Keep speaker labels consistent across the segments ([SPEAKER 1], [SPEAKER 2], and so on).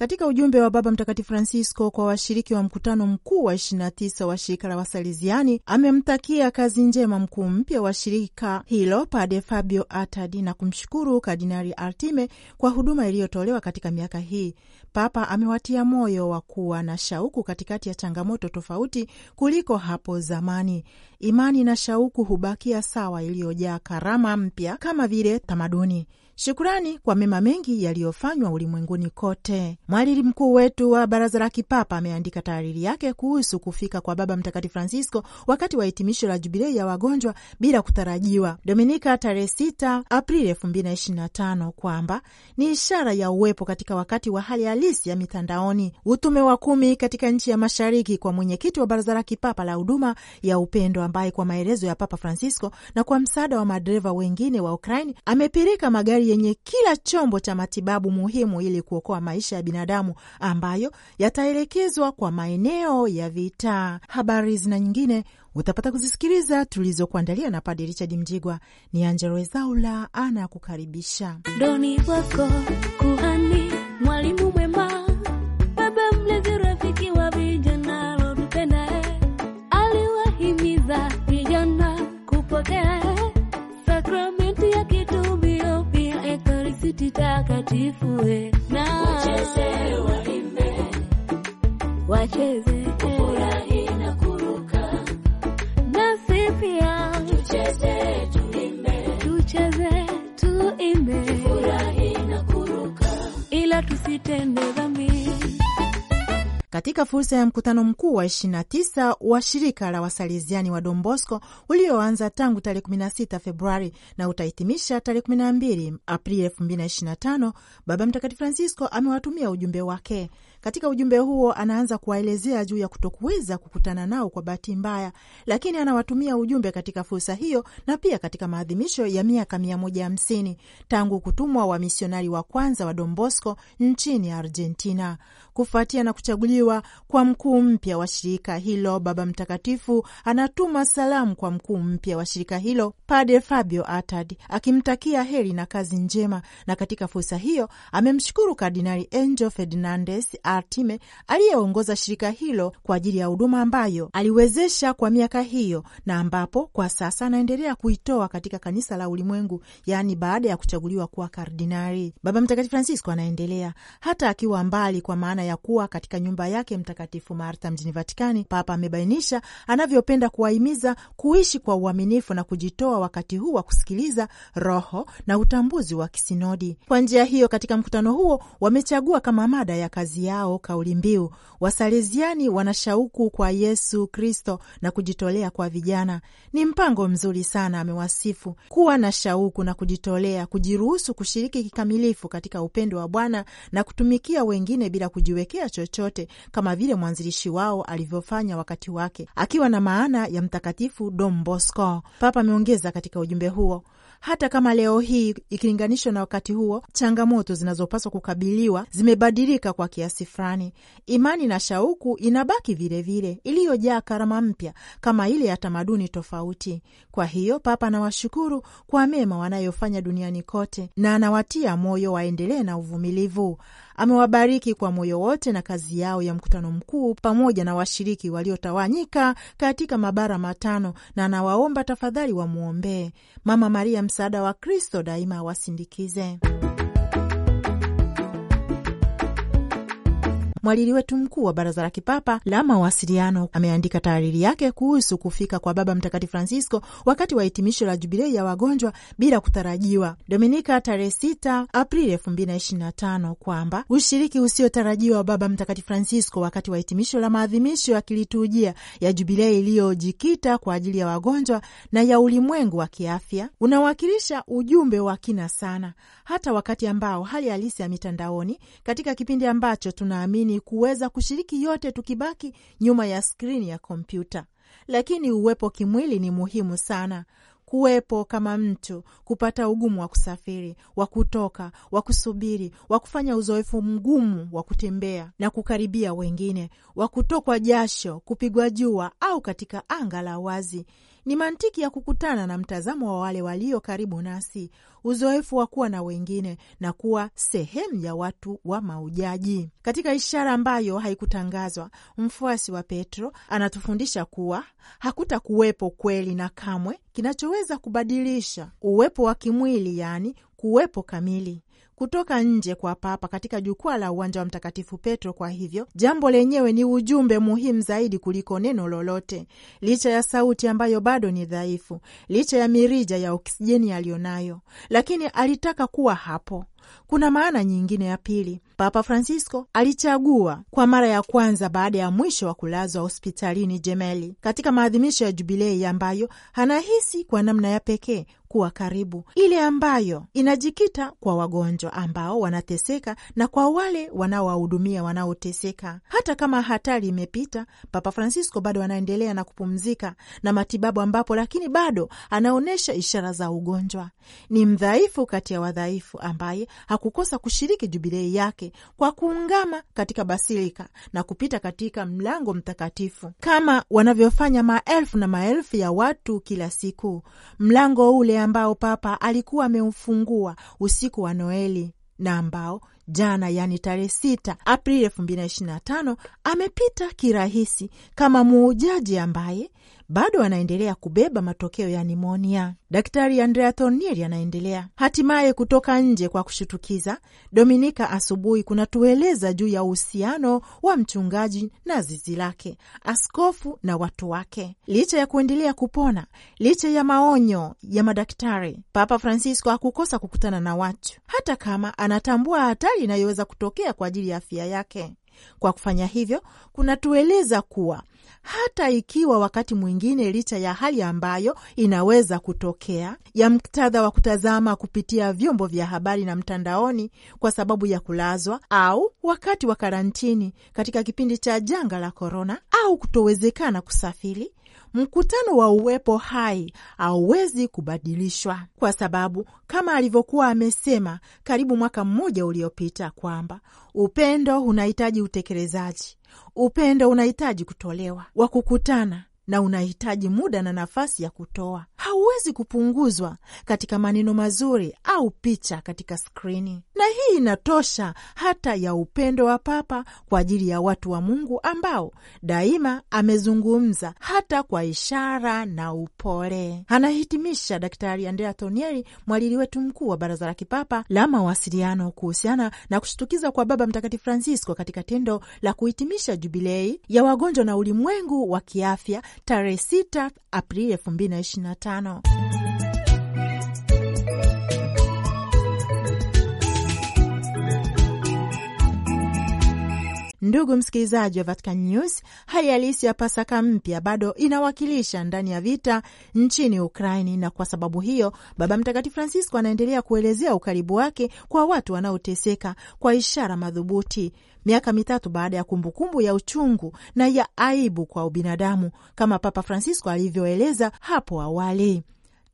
[SPEAKER 1] Katika ujumbe wa Baba Mtakatifu Francisco kwa washiriki wa mkutano mkuu wa 29 wa shirika la Wasaliziani, amemtakia kazi njema mkuu mpya wa shirika hilo Pade Fabio Atadi na kumshukuru Kardinali Artime kwa huduma iliyotolewa katika miaka hii. Papa amewatia moyo wa kuwa na shauku katikati ya changamoto tofauti kuliko hapo zamani. Imani na shauku hubakia sawa, iliyojaa karama mpya kama vile tamaduni shukurani kwa mema mengi yaliyofanywa ulimwenguni kote. Mhariri mkuu wetu wa Baraza la Kipapa ameandika taariri yake kuhusu kufika kwa Baba Mtakatifu Francisco wakati wa hitimisho la Jubilei ya wagonjwa bila kutarajiwa, Dominika tarehe 6 Aprili 2025 kwamba ni ishara ya uwepo katika wakati wa hali halisi ya mitandaoni. Utume wa kumi katika nchi ya mashariki kwa mwenyekiti wa Baraza la Kipapa la huduma ya upendo, ambaye kwa maelezo ya Papa Francisco na kwa msaada wa madereva wengine wa Ukraini amepirika magari yenye kila chombo cha matibabu muhimu ili kuokoa maisha ya binadamu ambayo yataelekezwa kwa maeneo ya vita. Habari zina nyingine utapata kuzisikiliza tulizokuandalia na Padre Richard Mjigwa. Ni Angella Ezaula ana kukaribisha. Doni wako kuhani, mwalimu mwema
[SPEAKER 2] beautiful way.
[SPEAKER 1] fursa ya mkutano mkuu wa 29 wa shirika la wasaliziani wa Don Bosco ulioanza tangu tarehe 16 Februari na utahitimisha tarehe 12 Aprili 2025, Baba Mtakatifu Francisco amewatumia ujumbe wake katika ujumbe huo anaanza kuwaelezea juu ya kutokuweza kukutana nao kwa bahati mbaya, lakini anawatumia ujumbe katika fursa hiyo na pia katika maadhimisho ya miaka mia moja hamsini tangu kutumwa wa misionari wa kwanza wa Don Bosco nchini Argentina, kufuatia na kuchaguliwa kwa mkuu mpya wa shirika hilo. Baba Mtakatifu anatuma salamu kwa mkuu mpya wa shirika hilo Padre Fabio Atad akimtakia heri na kazi njema, na katika fursa hiyo amemshukuru Kardinali Angel Fernandez Artime aliyeongoza shirika hilo kwa ajili ya huduma ambayo aliwezesha kwa miaka hiyo na ambapo kwa sasa anaendelea kuitoa katika kanisa la ulimwengu, yaani baada ya kuchaguliwa kuwa kardinali. Baba Mtakatifu Francisco anaendelea hata akiwa mbali, kwa maana ya kuwa katika nyumba yake Mtakatifu Martha mjini Vatikani, Papa amebainisha anavyopenda kuwahimiza kuishi kwa uaminifu na kujitoa wakati huu wa kusikiliza roho na utambuzi wa kisinodi. Kwa njia hiyo, katika mkutano huo wamechagua kama mada ya kazi yao yao kauli mbiu Wasaleziani wana shauku kwa Yesu Kristo na kujitolea kwa vijana. Ni mpango mzuri sana, amewasifu kuwa na shauku na kujitolea, kujiruhusu kushiriki kikamilifu katika upendo wa Bwana na kutumikia wengine bila kujiwekea chochote, kama vile mwanzilishi wao alivyofanya wakati wake, akiwa na maana ya Mtakatifu Dom Bosco. Papa ameongeza katika ujumbe huo hata kama leo hii ikilinganishwa na wakati huo, changamoto zinazopaswa kukabiliwa zimebadilika kwa kiasi fulani. Imani na shauku inabaki vilevile, iliyojaa karama mpya kama ile ya tamaduni tofauti. Kwa hiyo, Papa anawashukuru kwa mema wanayofanya duniani kote na anawatia moyo waendelee na uvumilivu amewabariki kwa moyo wote na kazi yao ya mkutano mkuu pamoja na washiriki waliotawanyika katika mabara matano, na anawaomba tafadhali wamwombee. Mama Maria, msaada wa Kristo daima awasindikize. mhariri wetu mkuu wa Baraza la Kipapa la Mawasiliano ameandika taariri yake kuhusu kufika kwa Baba Mtakatifu Francisco wakati wa hitimisho la Jubilei ya wagonjwa bila kutarajiwa, Dominika tarehe 6 Aprili 2025 kwamba ushiriki usiotarajiwa wa Baba Mtakatifu Francisco wakati wa hitimisho la maadhimisho ya kiliturujia ya Jubilei iliyojikita kwa ajili ya wagonjwa na ya ulimwengu wa kiafya unawakilisha ujumbe wa kina sana, hata wakati ambao hali halisi ya mitandaoni katika kipindi ambacho tunaamini kuweza kushiriki yote tukibaki nyuma ya skrini ya kompyuta. Lakini uwepo kimwili ni muhimu sana, kuwepo kama mtu, kupata ugumu wa kusafiri, wa kutoka, wa kusubiri, wa kufanya uzoefu mgumu wa kutembea na kukaribia wengine, wa kutokwa jasho, kupigwa jua au katika anga la wazi. Ni mantiki ya kukutana na mtazamo wa wale walio karibu nasi, uzoefu wa kuwa na wengine na kuwa sehemu ya watu wa maujaji. Katika ishara ambayo haikutangazwa, mfuasi wa Petro anatufundisha kuwa hakuta kuwepo kweli na kamwe kinachoweza kubadilisha uwepo wa kimwili, yaani kuwepo kamili kutoka nje kwa Papa katika jukwaa la uwanja wa Mtakatifu Petro. Kwa hivyo jambo lenyewe ni ujumbe muhimu zaidi kuliko neno lolote, licha ya sauti ambayo bado ni dhaifu, licha ya mirija ya oksijeni aliyonayo, lakini alitaka kuwa hapo. Kuna maana nyingine ya pili. Papa Francisco alichagua kwa mara ya kwanza baada ya mwisho wa kulazwa hospitalini Jemeli, katika maadhimisho ya Jubilei ambayo anahisi kwa namna ya pekee kuwa karibu, ile ambayo inajikita kwa wagonjwa ambao wanateseka na kwa wale wanaowahudumia wanaoteseka. Hata kama hatari imepita, Papa Francisco bado anaendelea na kupumzika na matibabu ambapo, lakini bado anaonyesha ishara za ugonjwa. Ni mdhaifu kati ya wadhaifu ambaye hakukosa kushiriki jubilei yake kwa kuungama katika basilika na kupita katika mlango mtakatifu kama wanavyofanya maelfu na maelfu ya watu kila siku, mlango ule ambao Papa alikuwa ameufungua usiku wa Noeli na ambao jana yaani tarehe sita Aprili elfu mbili na ishirini na tano amepita kirahisi kama muujaji ambaye bado anaendelea kubeba matokeo ya nimonia. Daktari Andrea Thornieri anaendelea hatimaye. Kutoka nje kwa kushutukiza, Dominika asubuhi kunatueleza juu ya uhusiano wa mchungaji na zizi lake, askofu na watu wake. Licha ya kuendelea kupona, licha ya maonyo ya madaktari, Papa Francisco hakukosa kukutana na watu, hata kama anatambua hatari inayoweza kutokea kwa ajili ya afya yake. Kwa kufanya hivyo, kunatueleza kuwa hata ikiwa wakati mwingine, licha ya hali ambayo inaweza kutokea ya mktadha wa kutazama kupitia vyombo vya habari na mtandaoni kwa sababu ya kulazwa au wakati wa karantini katika kipindi cha janga la korona, au kutowezekana kusafiri mkutano wa uwepo hai hauwezi kubadilishwa, kwa sababu kama alivyokuwa amesema karibu mwaka mmoja uliopita kwamba upendo unahitaji utekelezaji, upendo unahitaji kutolewa, wa kukutana na unahitaji muda na nafasi ya kutoa. Hauwezi kupunguzwa katika maneno mazuri au picha katika skrini, na hii inatosha hata ya upendo wa Papa kwa ajili ya watu wa Mungu ambao daima amezungumza hata kwa ishara na upole, anahitimisha Daktari Andrea Tonieri, mwalili wetu mkuu wa Baraza la Kipapa la Mawasiliano, kuhusiana na kushtukiza kwa Baba Mtakatifu Francisco katika tendo la kuhitimisha Jubilei ya wagonjwa na ulimwengu wa kiafya tarehe 6 Aprili 2025. Ndugu msikilizaji wa Vatican News, hali halisi ya Pasaka mpya bado inawakilisha ndani ya vita nchini Ukraini, na kwa sababu hiyo Baba Mtakatifu Francisco anaendelea kuelezea ukaribu wake kwa watu wanaoteseka kwa ishara madhubuti miaka mitatu baada ya kumbukumbu ya uchungu na ya aibu kwa ubinadamu kama Papa Francisco alivyoeleza hapo awali.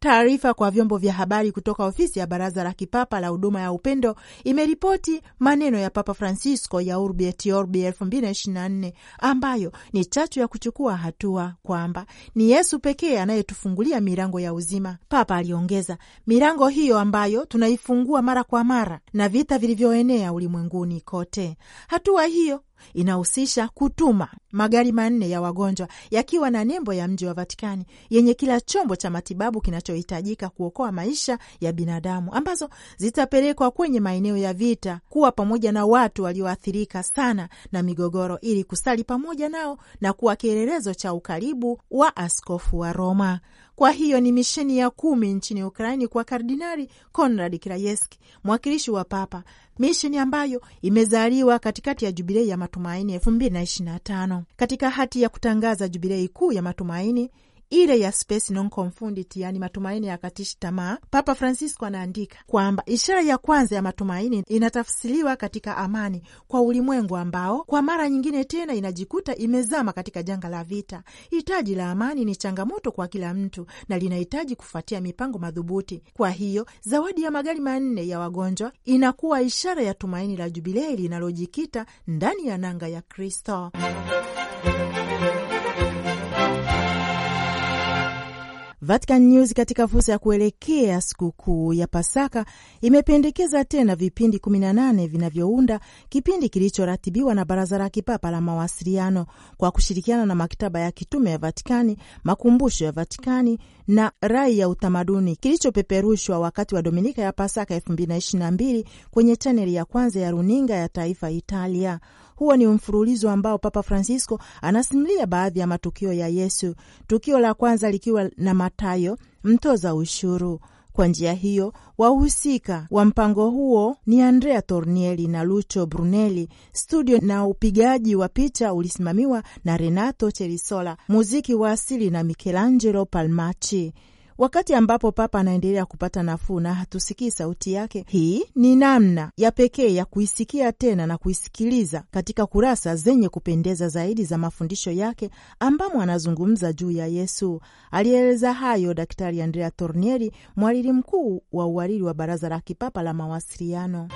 [SPEAKER 1] Taarifa kwa vyombo vya habari kutoka ofisi ya Baraza la Kipapa la Huduma ya Upendo imeripoti maneno ya Papa Francisco ya Urbi et Orbi 2024 ambayo ni chachu ya kuchukua hatua, kwamba ni Yesu pekee anayetufungulia milango ya uzima. Papa aliongeza, milango hiyo ambayo tunaifungua mara kwa mara na vita vilivyoenea ulimwenguni kote. Hatua hiyo inahusisha kutuma magari manne ya wagonjwa yakiwa na nembo ya mji wa Vatikani yenye kila chombo cha matibabu kinachohitajika kuokoa maisha ya binadamu, ambazo zitapelekwa kwenye maeneo ya vita kuwa pamoja na watu walioathirika sana na migogoro, ili kusali pamoja nao na kuwa kielelezo cha ukaribu wa askofu wa Roma. Kwa hiyo ni misheni ya kumi nchini Ukraini kwa Kardinali Konrad Krayeski, mwakilishi wa Papa, misheni ambayo imezaliwa katikati ya Jubilei ya Matumaini 2025 katika hati ya kutangaza Jubilei kuu ya Matumaini ile ya spes non confundit, yani matumaini ya katishi tamaa. Papa Francisco anaandika kwamba ishara ya kwanza ya matumaini inatafsiriwa katika amani kwa ulimwengu ambao kwa mara nyingine tena inajikuta imezama katika janga la vita. Hitaji la amani ni changamoto kwa kila mtu na linahitaji kufuatia mipango madhubuti. Kwa hiyo zawadi ya magari manne ya wagonjwa inakuwa ishara ya tumaini la jubilei linalojikita ndani ya nanga ya Kristo. Vatican News katika fursa ya kuelekea sikukuu ya Pasaka imependekeza tena vipindi 18 vinavyounda kipindi kilichoratibiwa na Baraza la Kipapa la Mawasiliano kwa kushirikiana na Maktaba ya Kitume ya Vatikani, Makumbusho ya Vatikani na Rai ya Utamaduni, kilichopeperushwa wakati wa Dominika ya Pasaka 2022 kwenye chaneli ya kwanza ya runinga ya taifa Italia. Huo ni mfululizo ambao Papa Francisco anasimulia baadhi ya matukio ya Yesu, tukio la kwanza likiwa na Matayo mtoza ushuru. Kwa njia hiyo wahusika wa mpango huo ni Andrea tornieli na lucho Brunelli. Studio na upigaji wa picha ulisimamiwa na Renato Cherisola, muziki wa asili na Michelangelo Palmachi wakati ambapo papa anaendelea kupata nafuu na hatusikii sauti yake. Hii ni namna ya pekee ya kuisikia tena na kuisikiliza katika kurasa zenye kupendeza zaidi za mafundisho yake ambamo anazungumza juu ya Yesu. Alieleza hayo Daktari Andrea Tornieri, mwalili mkuu wa uwariri wa Baraza la Kipapa la Mawasiliano.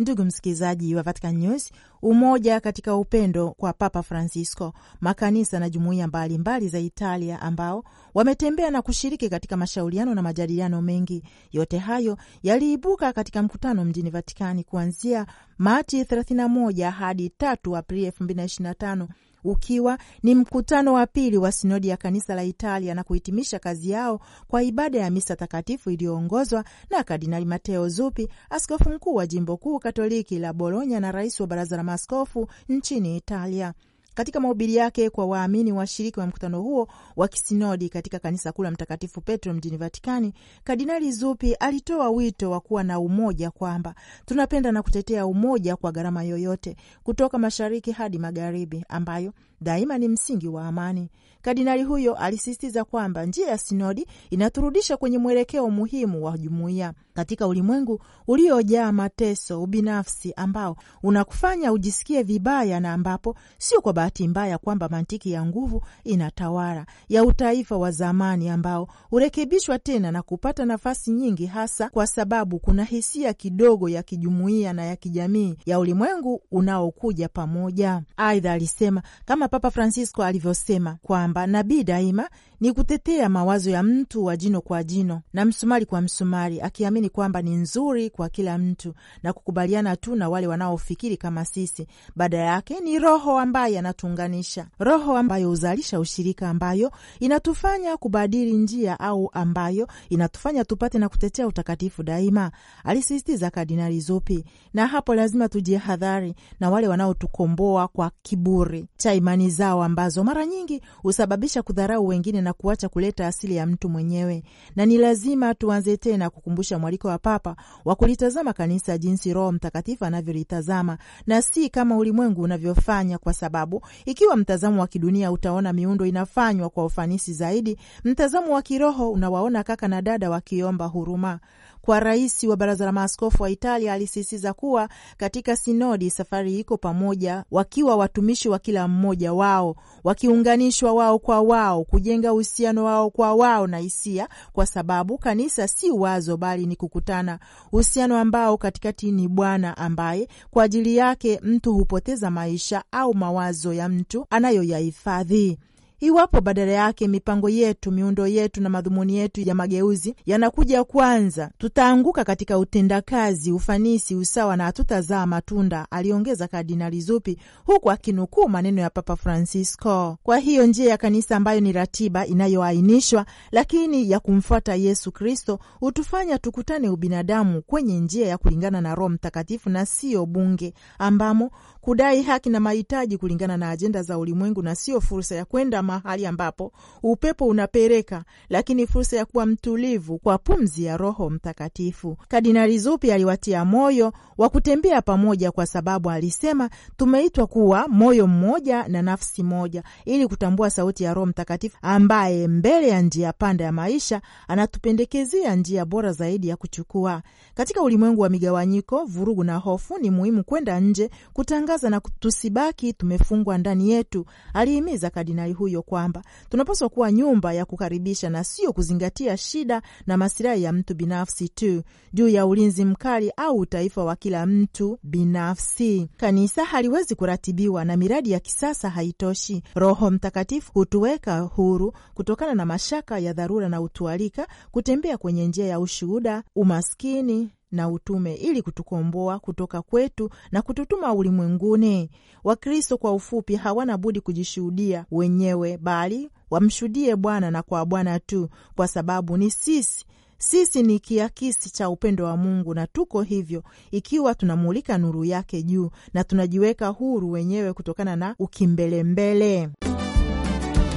[SPEAKER 1] Ndugu msikilizaji wa Vatican News, umoja katika upendo kwa Papa Francisco, makanisa na jumuiya mbalimbali za Italia ambao wametembea na kushiriki katika mashauriano na majadiliano mengi. Yote hayo yaliibuka katika mkutano mjini Vatikani kuanzia Machi 31 hadi 3 Aprili 2025 ukiwa ni mkutano wa pili wa sinodi ya kanisa la Italia na kuhitimisha kazi yao kwa ibada ya misa takatifu iliyoongozwa na Kardinali Mateo Zuppi, askofu mkuu wa jimbo kuu katoliki la Bologna na rais wa baraza la maaskofu nchini Italia. Katika mahubiri yake kwa waamini washiriki wa mkutano huo wa kisinodi katika kanisa kuu la Mtakatifu Petro mjini Vatikani, Kardinali Zuppi alitoa wito wa kuwa na umoja, kwamba tunapenda na kutetea umoja kwa gharama yoyote, kutoka mashariki hadi magharibi, ambayo daima ni msingi wa amani. Kardinali huyo alisisitiza kwamba njia ya sinodi inaturudisha kwenye mwelekeo muhimu wa jumuiya katika ulimwengu uliojaa mateso, ubinafsi ambao unakufanya ujisikie vibaya, na ambapo sio kwa bahati mbaya kwamba mantiki ya nguvu inatawala ya utaifa wa zamani ambao hurekebishwa tena na kupata nafasi nyingi, hasa kwa sababu kuna hisia kidogo ya kijumuiya na ya kijamii ya ulimwengu unaokuja pamoja. Aidha alisema kama Papa Francisco alivyosema kwamba nabii daima ni kutetea mawazo ya mtu wa jino kwa jino na msumari kwa msumari, akiamini kwamba ni nzuri kwa kila mtu na kukubaliana tu na wale wanaofikiri kama sisi. Badala yake ni Roho ambaye anatuunganisha, Roho ambayo huzalisha ushirika, ambayo inatufanya kubadili njia au ambayo inatufanya tupate na kutetea utakatifu daima, alisisitiza Kardinali Zuppi. Na hapo lazima tujihadhari na wale wanaotukomboa kwa kiburi cha imani imani zao ambazo mara nyingi husababisha kudharau wengine na kuacha kuleta asili ya mtu mwenyewe, na ni lazima tuanze tena kukumbusha mwaliko wa Papa wa kulitazama kanisa jinsi Roho Mtakatifu anavyolitazama na si kama ulimwengu unavyofanya, kwa sababu ikiwa mtazamo wa kidunia utaona miundo inafanywa kwa ufanisi zaidi, mtazamo wa kiroho unawaona kaka na dada wakiomba huruma kwa rais wa baraza la maaskofu wa Italia alisisitiza kuwa katika sinodi safari iko pamoja, wakiwa watumishi wa kila mmoja wao, wakiunganishwa wao kwa wao, kujenga uhusiano wao kwa wao na hisia, kwa sababu kanisa si wazo, bali ni kukutana, uhusiano ambao katikati ni Bwana ambaye kwa ajili yake mtu hupoteza maisha au mawazo ya mtu anayoyahifadhi iwapo badala yake mipango yetu, miundo yetu na madhumuni yetu ya mageuzi yanakuja kwanza, tutaanguka katika utendakazi, ufanisi, usawa na hatutazaa matunda, aliongeza Kardinali Zuppi, huku akinukuu maneno ya Papa Francisco. Kwa hiyo njia ya kanisa ambayo ni ratiba inayoainishwa lakini ya kumfuata Yesu Kristo hutufanya tukutane ubinadamu kwenye njia ya kulingana na Roho Mtakatifu na siyo bunge ambamo kudai haki na mahitaji kulingana na ajenda za ulimwengu, na sio fursa ya kwenda mahali ambapo upepo unapereka, lakini fursa ya kuwa mtulivu kwa pumzi ya Roho Mtakatifu. Kardinali Zuppi aliwatia moyo wa kutembea pamoja, kwa sababu alisema tumeitwa kuwa moyo mmoja na nafsi moja, ili kutambua sauti ya Roho Mtakatifu ambaye mbele ya njia panda ya maisha anatupendekezea njia bora zaidi ya kuchukua. Katika ulimwengu wa migawanyiko, vurugu na hofu, ni muhimu kwenda nje kutangaza kutukaza na tusibaki tumefungwa ndani yetu. Alihimiza kardinali huyo kwamba tunapaswa kuwa nyumba ya kukaribisha na sio kuzingatia shida na masilahi ya mtu binafsi tu juu ya ulinzi mkali au utaifa wa kila mtu binafsi. Kanisa haliwezi kuratibiwa na miradi ya kisasa haitoshi. Roho Mtakatifu hutuweka huru kutokana na mashaka ya dharura na utualika kutembea kwenye njia ya ushuhuda, umaskini na utume ili kutukomboa kutoka kwetu na kututuma ulimwenguni. Wakristo kwa ufupi hawana budi kujishuhudia wenyewe, bali wamshuhudie Bwana na kwa Bwana tu, kwa sababu ni sisi sisi ni kiakisi cha upendo wa Mungu na tuko hivyo ikiwa tunamulika nuru yake juu na tunajiweka huru wenyewe kutokana na ukimbelembele.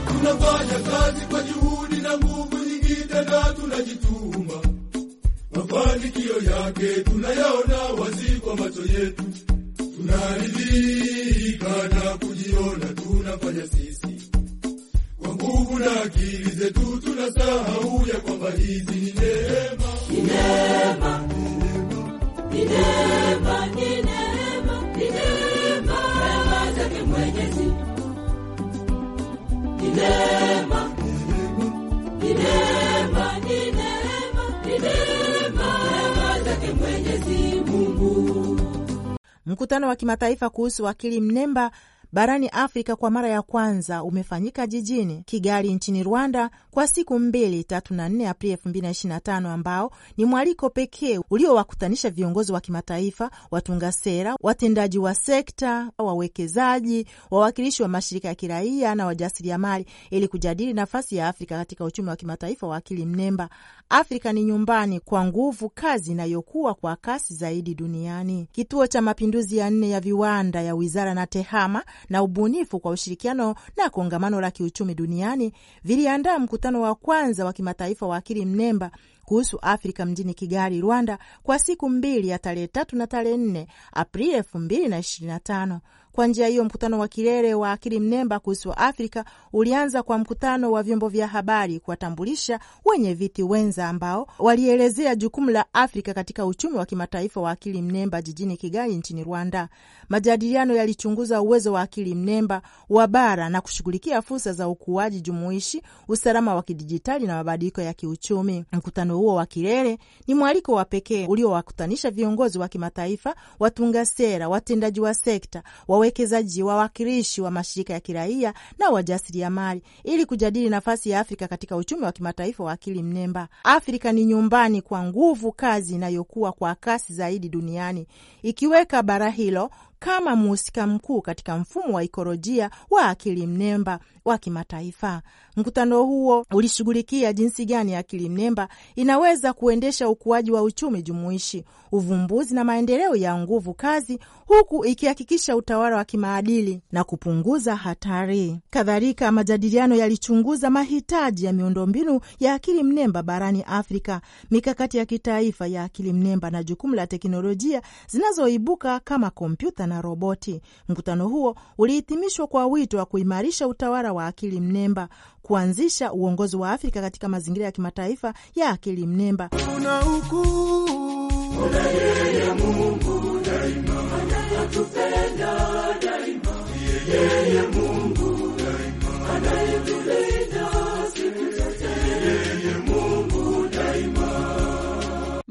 [SPEAKER 2] Tunafanya kazi kwa juhudi na nguvu nyingi, tena tunajituma mafanikio yake tunayaona wazi kwa macho yetu, tunaridhika na kujiona tunafanya sisi kwa nguvu na akili zetu, tunasahau ya kwamba hizi ni neema Neema, neema, neema, neema. Mwenyezi Mungu.
[SPEAKER 1] Mkutano wa kimataifa kuhusu akili mnemba barani Afrika kwa mara ya kwanza umefanyika jijini Kigali nchini Rwanda kwa siku mbili, tatu na nne Aprili elfu mbili na ishirini na tano, ambao ni mwaliko pekee uliowakutanisha viongozi wa kimataifa, watunga sera, watendaji wa sekta, wawekezaji, wawakilishi wa mashirika ya kiraia na wajasiriamali ili kujadili nafasi ya Afrika katika uchumi wa kimataifa wa akili mnemba. Afrika ni nyumbani kwa nguvu kazi inayokuwa kwa kasi zaidi duniani. Kituo cha Mapinduzi ya nne ya viwanda ya wizara na tehama na ubunifu kwa ushirikiano na kongamano la kiuchumi duniani viliandaa mkutano wa kwanza wa kimataifa wa akili mnemba kuhusu Afrika mjini Kigali, Rwanda, kwa siku mbili ya tarehe tatu na tarehe nne Aprili elfu mbili na ishirini na tano kwa njia hiyo, mkutano wa kilele wa akili mnemba kuhusu Afrika ulianza kwa mkutano wa vyombo vya habari kuwatambulisha wenye viti wenza ambao walielezea jukumu la Afrika katika uchumi wa kimataifa wa akili mnemba jijini Kigali nchini Rwanda. Majadiliano yalichunguza uwezo wa akili mnemba wa bara na kushughulikia fursa za ukuaji jumuishi, usalama wa kidijitali na mabadiliko ya kiuchumi. Mkutano huo wa kilele ni mwaliko wa pekee uliowakutanisha viongozi wa kimataifa, watunga sera, watendaji wa sekta wa wawekezaji, wawakilishi wa mashirika ya kiraia na wajasiriamali ili kujadili nafasi ya Afrika katika uchumi wa kimataifa wa akili mnemba. Afrika ni nyumbani kwa nguvu kazi inayokuwa kwa kasi zaidi duniani, ikiweka bara hilo kama mhusika mkuu katika mfumo wa ikolojia wa akili mnemba wa kimataifa. Mkutano huo ulishughulikia jinsi gani akili mnemba inaweza kuendesha ukuaji wa uchumi jumuishi, uvumbuzi na maendeleo ya nguvu kazi, huku ikihakikisha utawala wa kimaadili na kupunguza hatari. Kadhalika, majadiliano yalichunguza mahitaji ya miundombinu ya akili mnemba barani Afrika, mikakati ya kitaifa ya akili mnemba na jukumu la teknolojia zinazoibuka kama kompyuta na roboti. Mkutano huo ulihitimishwa kwa wito wa kuimarisha utawala wa akili mnemba, kuanzisha uongozi wa Afrika katika mazingira ya kimataifa ya akili mnemba.
[SPEAKER 2] Una una yeye Mungu daima,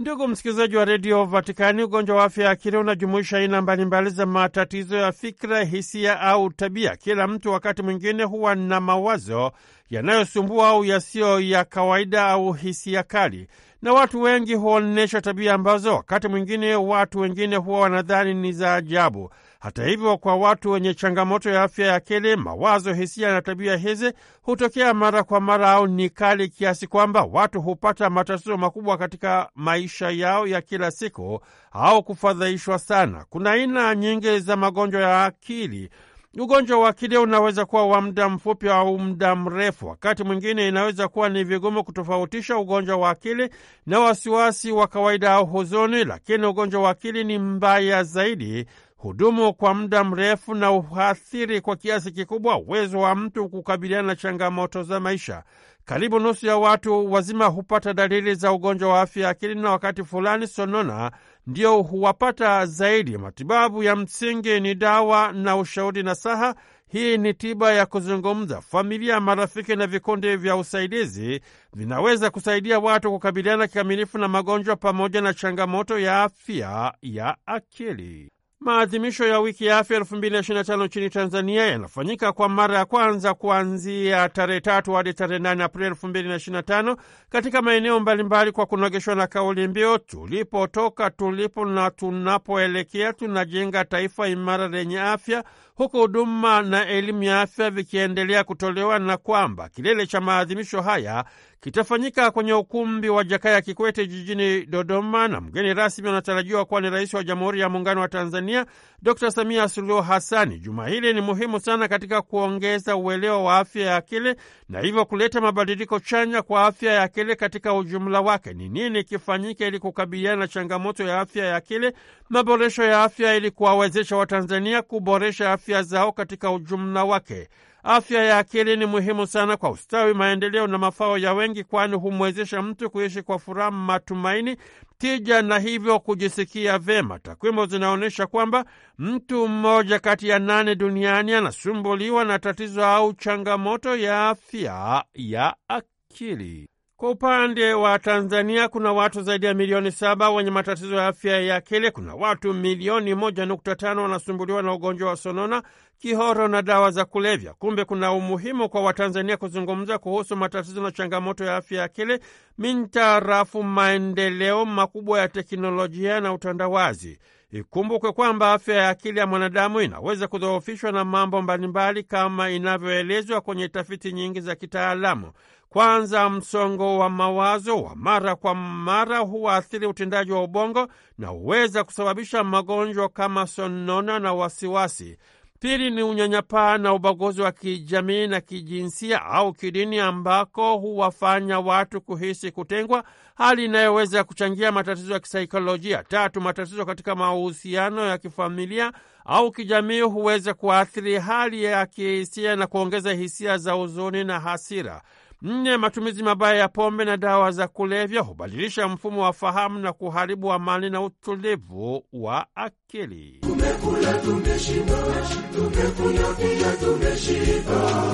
[SPEAKER 3] Ndugu msikilizaji wa redio Vatikani, ugonjwa wa afya ya akili unajumuisha aina mbalimbali za matatizo ya fikra, hisia au tabia. Kila mtu wakati mwingine huwa na mawazo yanayosumbua au yasiyo ya kawaida au hisia kali, na watu wengi huonyesha tabia ambazo wakati mwingine watu wengine huwa wanadhani ni za ajabu. Hata hivyo, kwa watu wenye changamoto ya afya ya akili, mawazo, hisia na tabia hizi hutokea mara kwa mara au ni kali kiasi kwamba watu hupata matatizo makubwa katika maisha yao ya kila siku au kufadhaishwa sana. Kuna aina nyingi za magonjwa ya akili. Ugonjwa wa akili unaweza kuwa wa muda mfupi au muda mrefu. Wakati mwingine inaweza kuwa ni vigumu kutofautisha ugonjwa wa akili na wasiwasi wa kawaida au huzuni, lakini ugonjwa wa akili ni mbaya zaidi hudumu kwa muda mrefu na uhathiri kwa kiasi kikubwa uwezo wa mtu kukabiliana na changamoto za maisha. Karibu nusu ya watu wazima hupata dalili za ugonjwa wa afya ya akili, na wakati fulani sonona ndio huwapata zaidi. Matibabu ya msingi ni dawa na ushauri na saha. Hii ni tiba ya kuzungumza. Familia, marafiki na vikundi vya usaidizi vinaweza kusaidia watu kukabiliana kikamilifu na magonjwa pamoja na changamoto ya afya ya akili. Maadhimisho ya wiki ya afya 2025 nchini Tanzania yanafanyika kwa mara ya kwanza kuanzia tarehe tatu hadi tarehe 8 Aprili 2025 katika maeneo mbalimbali kwa kunogeshwa na kauli mbiu tulipotoka, tulipo na tunapoelekea, tunajenga taifa imara lenye afya huku huduma na elimu ya afya vikiendelea kutolewa na kwamba kilele cha maadhimisho haya kitafanyika kwenye ukumbi wa Jakaya Kikwete jijini Dodoma, na mgeni rasmi anatarajiwa kuwa ni Rais wa Jamhuri ya Muungano wa Tanzania Dr Samia Suluhu Hasani. Juma hili ni muhimu sana katika kuongeza uelewa wa afya ya akili na hivyo kuleta mabadiliko chanya kwa afya ya akili katika ujumla wake. Ni nini kifanyike ili kukabiliana na changamoto ya afya ya akili? Maboresho ya afya ili kuwawezesha Watanzania kuboresha afya zao katika ujumla wake. Afya ya akili ni muhimu sana kwa ustawi, maendeleo na mafao ya wengi, kwani humwezesha mtu kuishi kwa furaha, matumaini, tija na hivyo kujisikia vyema. Takwimu zinaonyesha kwamba mtu mmoja kati ya nane duniani anasumbuliwa na tatizo au changamoto ya afya ya akili. Kwa upande wa Tanzania kuna watu zaidi ya milioni saba wenye matatizo ya afya ya akili. Kuna watu milioni moja nukta tano wanasumbuliwa na ugonjwa wa sonona, kihoro na dawa za kulevya. Kumbe kuna umuhimu kwa Watanzania kuzungumza kuhusu matatizo na changamoto ya afya ya akili mintarafu maendeleo makubwa ya teknolojia na utandawazi. Ikumbukwe kwamba afya ya akili ya mwanadamu inaweza kudhoofishwa na mambo mbalimbali kama inavyoelezwa kwenye tafiti nyingi za kitaalamu. Kwanza, msongo wa mawazo wa mara kwa mara huwaathiri utendaji wa ubongo na huweza kusababisha magonjwa kama sonona na wasiwasi. Pili ni unyanyapaa na ubaguzi wa kijamii na kijinsia au kidini, ambako huwafanya watu kuhisi kutengwa, hali inayoweza kuchangia matatizo ya kisaikolojia. Tatu, matatizo katika mahusiano ya kifamilia au kijamii huweza kuathiri hali ya kihisia na kuongeza hisia za huzuni na hasira. Nne, matumizi mabaya ya pombe na dawa za kulevya hubadilisha mfumo wa fahamu na kuharibu amani na utulivu wa akili. Tumekula tumeshiba, tumekunywa pia tumeshiba,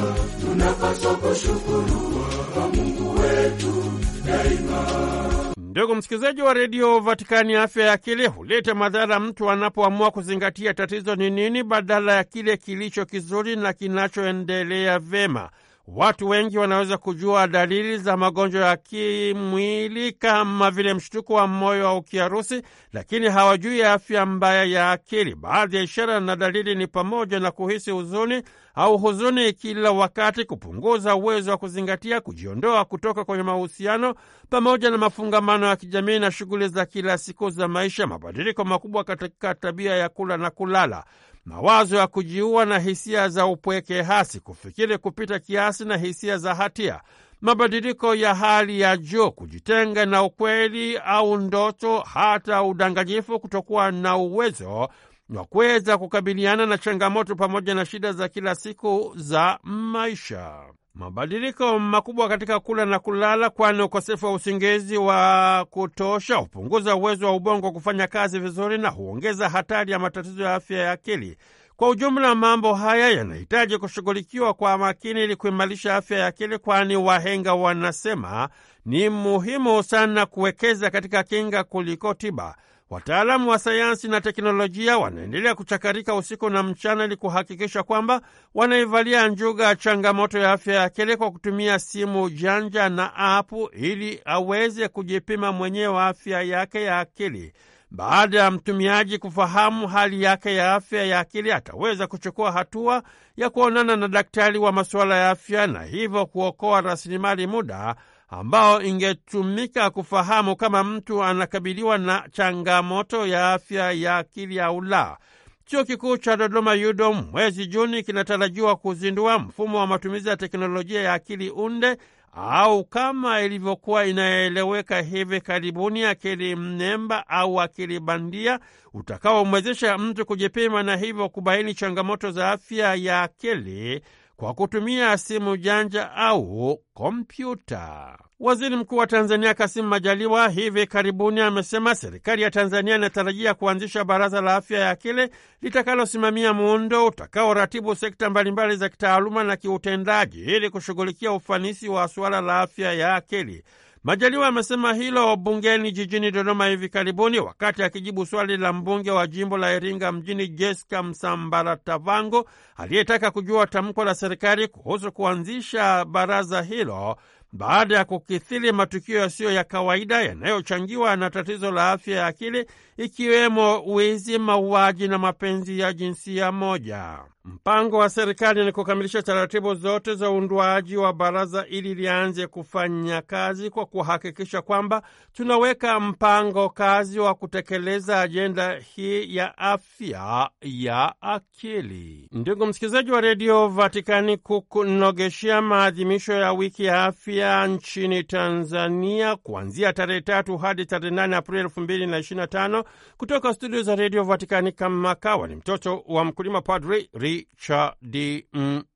[SPEAKER 3] tunapaswa kushukuru kwa Mungu wetu daima. Ndugu msikilizaji wa redio Vatikani, afya ya akili huleta madhara mtu anapoamua kuzingatia tatizo ni nini badala ya kile kilicho kizuri na kinachoendelea vema. Watu wengi wanaweza kujua dalili za magonjwa ya kimwili kama vile mshtuko wa moyo au kiharusi, lakini hawajui afya mbaya ya akili. Baadhi ya ishara na dalili ni pamoja na kuhisi huzuni au huzuni kila wakati, kupunguza uwezo wa kuzingatia, kujiondoa kutoka kwenye mahusiano pamoja na mafungamano ya kijamii na shughuli za kila siku za maisha, mabadiliko makubwa katika tabia ya kula na kulala mawazo ya kujiua na hisia za upweke hasi, kufikiri kupita kiasi na hisia za hatia, mabadiliko ya hali ya juu, kujitenga na ukweli au ndoto, hata udanganyifu, kutokuwa na uwezo wa kuweza kukabiliana na changamoto pamoja na shida za kila siku za maisha mabadiliko makubwa katika kula na kulala, kwani ukosefu wa usingizi wa kutosha hupunguza uwezo wa ubongo kufanya kazi vizuri na huongeza hatari ya matatizo ya afya ya akili. Kwa ujumla, mambo haya yanahitaji kushughulikiwa kwa makini ili kuimarisha afya ya akili, kwani wahenga wanasema ni muhimu sana kuwekeza katika kinga kuliko tiba. Wataalamu wa sayansi na teknolojia wanaendelea kuchakarika usiku na mchana ili kuhakikisha kwamba wanaivalia njuga changamoto ya afya ya akili kwa kutumia simu janja na apu ili aweze kujipima mwenyewe afya yake ya akili. Baada ya mtumiaji kufahamu hali yake ya afya ya akili, ataweza kuchukua hatua ya kuonana na daktari wa masuala ya afya na hivyo kuokoa rasilimali muda ambao ingetumika kufahamu kama mtu anakabiliwa na changamoto ya afya ya akili au la. Chuo Kikuu cha Dodoma yudo mwezi Juni kinatarajiwa kuzindua mfumo wa matumizi ya teknolojia ya akili unde au kama ilivyokuwa inaeleweka hivi karibuni, akili mnemba au akili bandia utakaomwezesha mtu kujipima na hivyo kubaini changamoto za afya ya akili kwa kutumia simu janja au kompyuta. Waziri Mkuu wa Tanzania Kasimu Majaliwa hivi karibuni amesema serikali ya Tanzania inatarajia kuanzisha baraza la afya ya akili litakalosimamia muundo utakaoratibu sekta mbalimbali za kitaaluma na kiutendaji ili kushughulikia ufanisi wa suala la afya ya akili. Majaliwa amesema hilo bungeni jijini Dodoma hivi karibuni, wakati akijibu swali la mbunge wa jimbo la Iringa mjini Jessica Msambaratavango aliyetaka kujua tamko la serikali kuhusu kuanzisha baraza hilo baada ya kukithiri matukio yasiyo ya kawaida yanayochangiwa na tatizo la afya ya akili ikiwemo wizi, mauaji na mapenzi ya jinsia moja. Mpango wa serikali ni kukamilisha taratibu zote za uundwaji wa baraza ili lianze kufanya kazi kwa kuhakikisha kwamba tunaweka mpango kazi wa kutekeleza ajenda hii ya afya ya akili. Ndugu msikilizaji wa redio Vatikani, kukunogeshea maadhimisho ya wiki ya afya nchini Tanzania kuanzia tarehe tatu hadi tarehe nane Aprili elfu mbili na ishirini na tano kutoka studio za redio Vatikani, kama kawa ni mtoto wa mkulima Padri Richard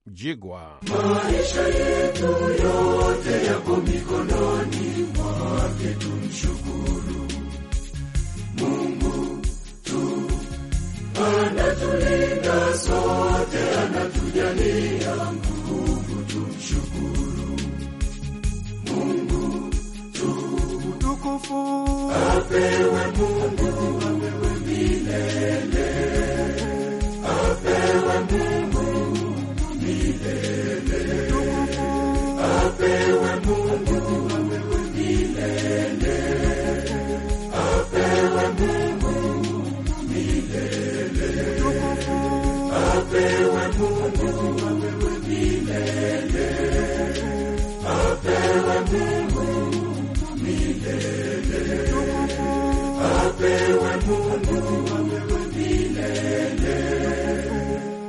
[SPEAKER 3] Mjigwa.
[SPEAKER 2] Maisha yetu yote yako mikononi mwake, tumshukuru Mungu tu, anatulinda sote, anatujalia nguvu, tumshukuru Mungu tu, tukufu apewe Mungu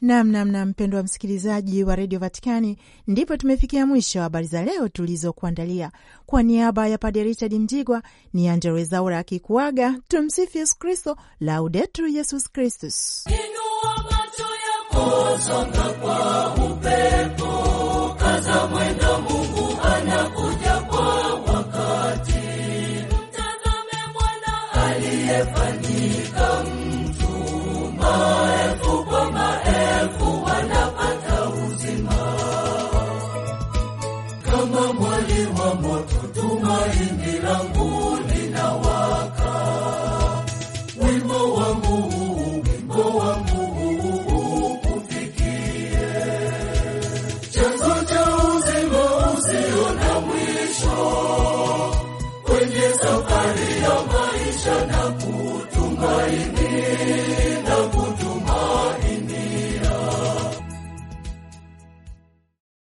[SPEAKER 1] Namnamna mpendo wa msikilizaji wa redio Vatikani, ndipo tumefikia mwisho wa habari za leo tulizokuandalia. Kwa niaba ya Padre Richard Mjigwa ni Angelo Wezaura akikuaga. Tumsifu Yesu Kristo, Laudetur Yesus Kristus.
[SPEAKER 2] Inua macho yako, songa kwa upepo, kaza mwendo